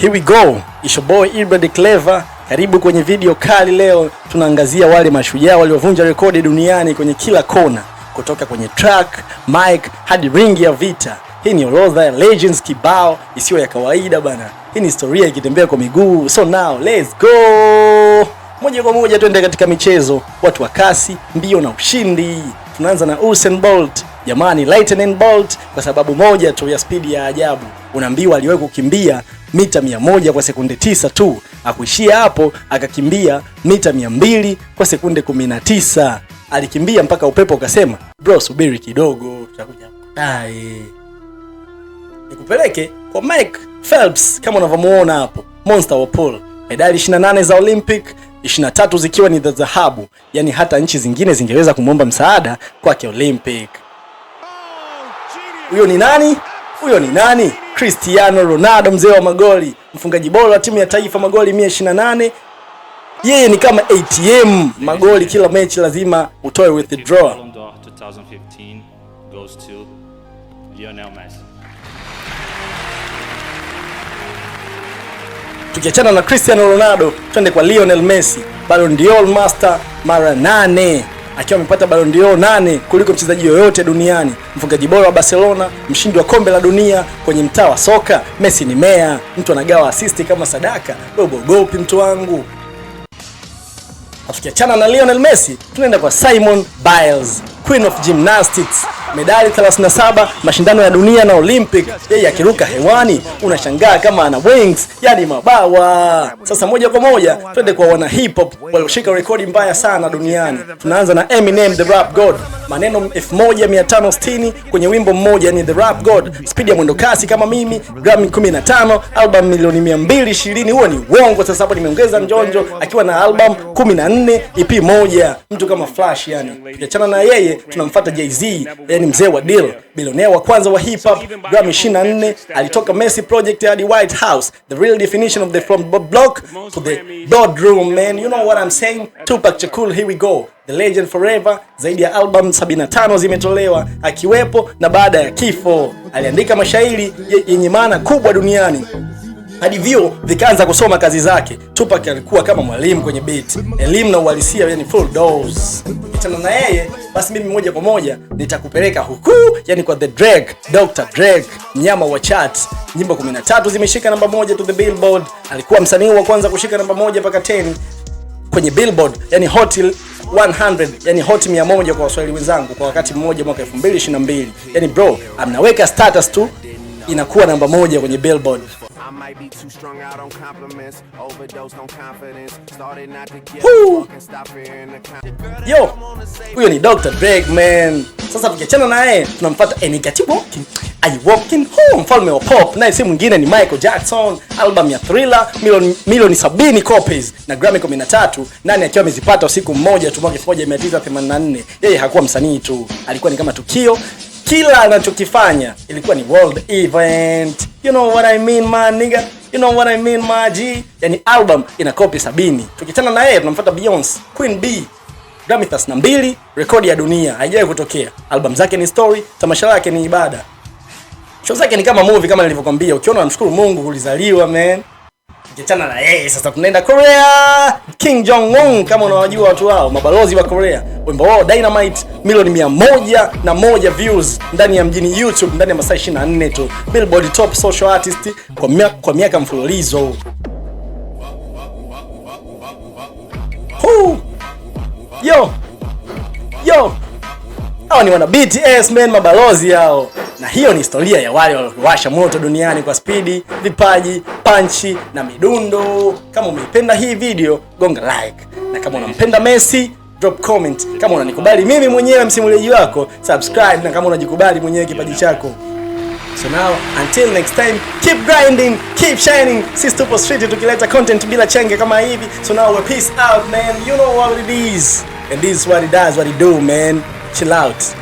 Here we go. It's your boy Ibra the Clever. Karibu kwenye video kali. Leo tunaangazia wale mashujaa waliovunja rekodi duniani kwenye kila kona, kutoka kwenye track, mic hadi ringi ya vita. Hii ni orodha ya legends kibao isiyo ya kawaida bana. Hii ni historia ikitembea kwa miguu. So now let's go. Moja kwa moja twende katika michezo, watu wa kasi, mbio na ushindi. Tunaanza na Usain Bolt Jamani, Lightning Bolt kwa sababu moja tu ya spidi ya ajabu. Unaambiwa aliwahi kukimbia mita mia moja kwa sekunde tisa tu, akuishia hapo, akakimbia mita mia mbili kwa sekunde kumi na tisa. Alikimbia mpaka upepo ukasema, bro, subiri kidogo, tutakuja kudai Nikupeleke kwa Mike Phelps kama unavyomuona hapo, monster wa pool, medali 28 za Olympic 23 zikiwa ni za dhahabu. Yani hata nchi zingine zingeweza kumwomba msaada kwake Olympic huyo ni nani? Huyo ni nani? Cristiano Ronaldo, mzee wa magoli, mfungaji bora wa timu ya taifa, magoli 128. Yeye ni kama ATM, magoli kila mechi lazima utoe withdraw. Tukiachana na Cristiano Ronaldo, twende kwa Lionel Messi, Ballon d'Or Master mara nane akiwa amepata Ballon d'Or nane kuliko mchezaji yoyote duniani, mfungaji bora wa Barcelona, mshindi wa kombe la dunia. Kwenye mtaa wa soka Messi ni mea, mtu anagawa asisti kama sadaka. Wewe uogopi mtu wangu? Tukiachana na Lionel Messi, tunaenda kwa Simon Biles, Queen of Gymnastics medali 37 mashindano ya dunia na Olympic, yeye akiruka hewani unashangaa kama ana wings, yani mabawa. Sasa moja kwa moja twende kwa wana hip hop walioshika rekodi mbaya sana duniani. Tunaanza na Eminem the Rap God, maneno 1560 kwenye wimbo mmoja, ni the Rap God. Spidi ya mwendo kasi kama mimi, Grammy 15, album milioni 220. Huo ni uongo. Sasa hapo nimeongeza njonjo, akiwa na album 14, EP moja. Mtu kama Flash yani, tukiachana na yeye tunamfuata Jay-Z ni mzee wa deal, bilionea wa kwanza wa hip hop, Grammy 24, alitoka Messi Project hadi White House, the real definition of the from block to the boardroom man, you know what I'm saying. Tupac Shakur, here we go, the legend forever. Zaidi ya album 75 zimetolewa akiwepo na baada ya kifo, aliandika mashairi yenye maana kubwa duniani hadi vyo vikaanza kusoma kazi zake. Tupac alikuwa kama mwalimu kwenye beat, elimu na uhalisia, yani full dose kukutana na yeye basi mimi moja kwa moja nitakupeleka huku, yani kwa The Drake, Dr Drake, mnyama wa chat. Nyimbo 13 zimeshika namba moja to the Billboard. Alikuwa msanii wa kwanza kushika namba moja mpaka 10 kwenye Billboard, yani hot 100, yani hot 100 kwa Waswahili wenzangu kwa wakati mmoja, mwaka 2022. Yani bro, amnaweka status tu inakuwa namba moja kwenye Billboard might be too strung out on compliments. Overdosed on confidence. Started not to get stop the Yo, huyo ni Dr. Drake man. Sasa tukiachana naye tunamfuata Enigatibo. I walk in home, mfalme wa pop, naye si mwingine ni Michael Jackson. Album ya Thriller milioni, milioni 70 copies na Grammy kumi na tatu. nani akiwa amezipata usiku mmoja tu mwaka 1984. Yeye hakuwa msanii tu, alikuwa ni kama tukio. Kila anachokifanya ilikuwa ni world event. You know what I mean my nigga, you know what I mean my G. Yani album ina kopi sabini. Tukichana na yeye tunamfuata Beyonce, Queen B, Grammy 32, rekodi ya dunia haijawahi kutokea. Album zake ni story, tamasha lake ni ibada, show zake ni kama movie. Kama nilivyokwambia, ukiona namshukuru Mungu kulizaliwa man tukiachana na yeye sasa tunaenda Korea. Kim Jong Un, kama unawajua watu wao mabalozi wa Korea, wimbo wao Dynamite milioni mia moja na moja views ndani ya mjini YouTube ndani ya masaa 24 tu, Billboard Top Social Artist kwa miaka kwa miaka mfululizo. Yo yo, hawa ni wana BTS man, mabalozi hao na hiyo ni historia ya wale waliowasha moto duniani kwa spidi, vipaji, panchi na midundo. Kama umeipenda hii video, gonga like, na kama unampenda Messi drop comment. Kama unanikubali mimi mwenyewe msimuliaji wako, subscribe, na kama unajikubali mwenyewe kipaji chako. So now until next time, keep grinding, keep shining. Sisi tupo street tukileta content bila chenge kama hivi. So now we peace out man, you know what it is and this is what it does, what it do man. Chill out.